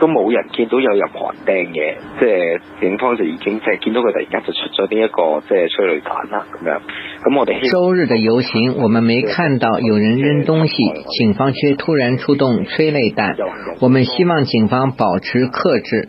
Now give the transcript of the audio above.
都冇人見到有任何人掟嘢，即係警方就已經即係見到佢突然間就出咗呢一個即係催淚彈啦咁樣。咁我哋周日嘅遊行，我們沒看到有人扔東西，警方卻突然出動催淚彈。我們希望警方保持克制。